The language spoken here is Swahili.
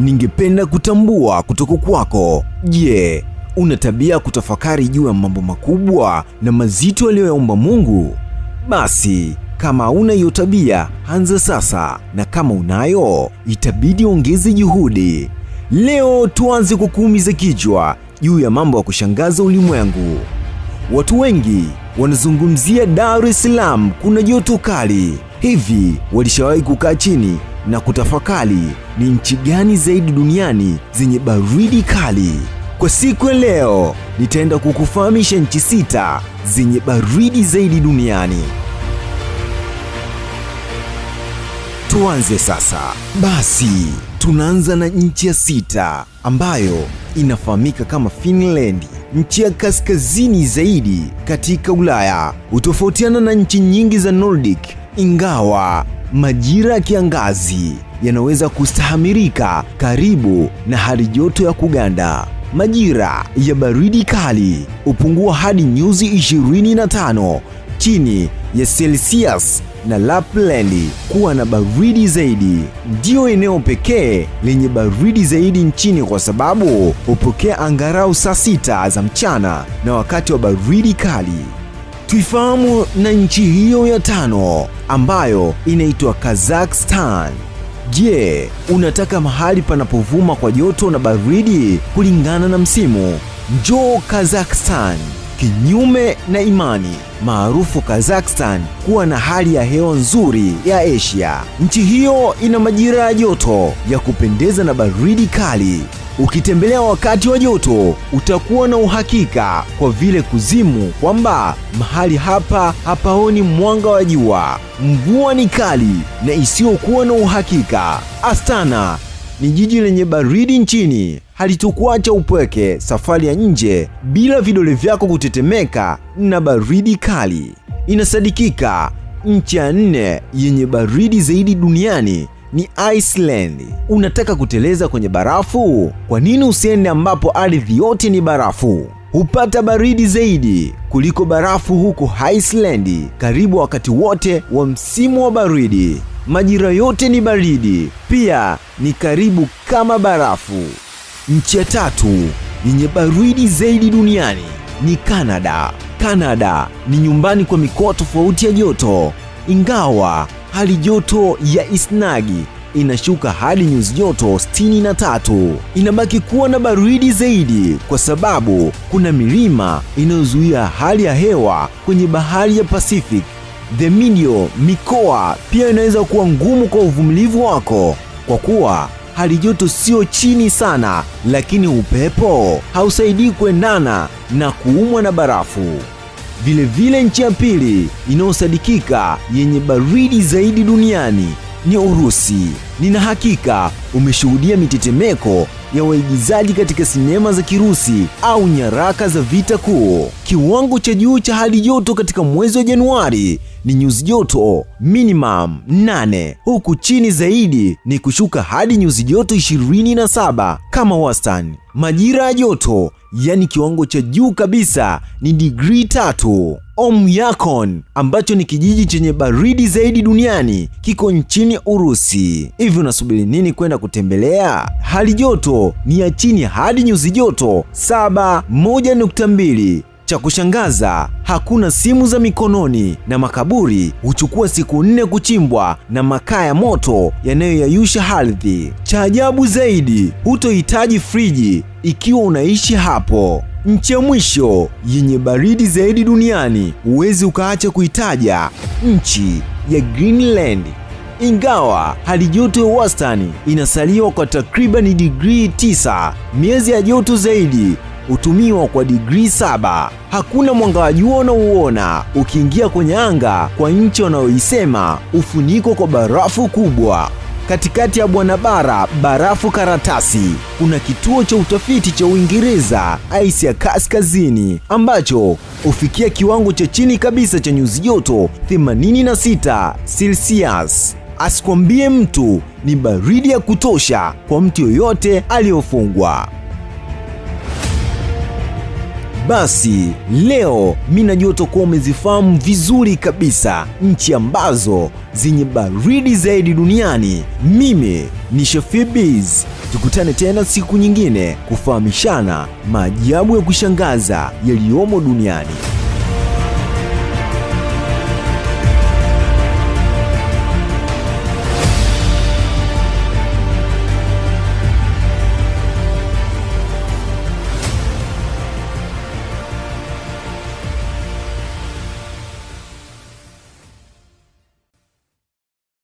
ningependa kutambua kutoka kwako. Je, una tabia kutafakari juu ya mambo makubwa na mazito aliyoyaumba Mungu? Basi kama una hiyo tabia, anza sasa, na kama unayo, itabidi ongeze juhudi. Leo tuanze kukuumiza kichwa juu ya mambo ya kushangaza ulimwengu. Watu wengi wanazungumzia Dar es Salaam kuna joto kali. Hivi walishawahi kukaa chini na kutafakari ni nchi gani zaidi duniani zenye baridi kali? Kwa siku ya leo nitaenda kukufahamisha nchi sita zenye baridi zaidi duniani. Tuanze sasa basi. Tunaanza na nchi ya sita ambayo inafahamika kama Finland, nchi ya kaskazini zaidi katika Ulaya. Hutofautiana na nchi nyingi za Nordic ingawa majira ya kiangazi yanaweza kustahamirika karibu na hali joto ya kuganda. Majira ya baridi kali hupungua hadi nyuzi 25 chini ya Celsius na Lapland kuwa na baridi zaidi. Ndiyo eneo pekee lenye baridi zaidi nchini kwa sababu hupokea angalau saa sita za mchana na wakati wa baridi kali tuifahamu na nchi hiyo ya tano ambayo inaitwa Kazakhstan. Je, unataka mahali panapovuma kwa joto na baridi kulingana na msimu? Njoo Kazakhstan kinyume na imani maarufu Kazakhstan kuwa na hali ya hewa nzuri ya Asia. Nchi hiyo ina majira ya joto ya kupendeza na baridi kali. Ukitembelea wakati wa joto utakuwa na uhakika kwa vile kuzimu kwamba mahali hapa hapaoni mwanga wa jua. Mvua ni kali na isiyokuwa na uhakika. Astana ni jiji lenye baridi nchini halitokuacha upweke. Safari ya nje bila vidole vyako kutetemeka na baridi kali. Inasadikika nchi ya nne yenye baridi zaidi duniani ni Iceland. Unataka kuteleza kwenye barafu? Kwa nini usiende ambapo ardhi yote ni barafu? Hupata baridi zaidi kuliko barafu huko Iceland karibu wakati wote wa msimu wa baridi. Majira yote ni baridi, pia ni karibu kama barafu. Nchi ya tatu yenye baridi zaidi duniani ni canada Kanada ni nyumbani kwa mikoa tofauti ya joto, ingawa hali joto ya Isnagi inashuka hadi nyuzi joto 63. Inabaki kuwa na baridi zaidi kwa sababu kuna milima inayozuia hali ya hewa kwenye bahari ya Pacific. The Midio mikoa pia inaweza kuwa ngumu kwa uvumilivu wako kwa kuwa hali joto sio chini sana, lakini upepo hausaidii kuendana na kuumwa na barafu. Vilevile, nchi ya pili inayosadikika yenye baridi zaidi duniani ni Urusi. Nina hakika umeshuhudia mitetemeko ya waigizaji katika sinema za Kirusi au nyaraka za vita kuu. Kiwango cha juu cha hali joto katika mwezi wa Januari ni nyuzi joto minimum 8 huku chini zaidi ni kushuka hadi nyuzi joto 27 kama wastani. Majira ya joto, yaani kiwango cha juu kabisa ni digrii tatu. Omyakon ambacho ni kijiji chenye baridi zaidi duniani kiko nchini Urusi. Hivi unasubiri nini kwenda kutembelea? Hali joto ni ya chini hadi nyuzi joto 7.1.2. Cha kushangaza hakuna simu za mikononi na makaburi huchukua siku nne kuchimbwa na makaa ya moto yanayoyayusha ardhi. Cha ajabu zaidi, hutohitaji friji ikiwa unaishi hapo. Nchi ya mwisho yenye baridi zaidi duniani, huwezi ukaacha kuitaja nchi ya Greenland. Ingawa hali joto ya wastani inasaliwa kwa takribani digrii 9, miezi ya joto zaidi hutumiwa kwa digrii 7. Hakuna mwanga wa jua unaouona ukiingia kwenye anga kwa nchi wanayoisema ufuniko kwa barafu kubwa katikati ya Bwanabara barafu karatasi, kuna kituo cha utafiti cha Uingereza ya Kaskazini ambacho hufikia kiwango cha chini kabisa cha nyuzi joto 86 Celsius. Asikwambie mtu, ni baridi ya kutosha kwa mtu yoyote aliyofungwa. Basi leo mi najua utakuwa umezifahamu vizuri kabisa nchi ambazo zenye baridi zaidi duniani. Mimi ni Shafii bs tukutane tena siku nyingine kufahamishana maajabu ya kushangaza yaliyomo duniani.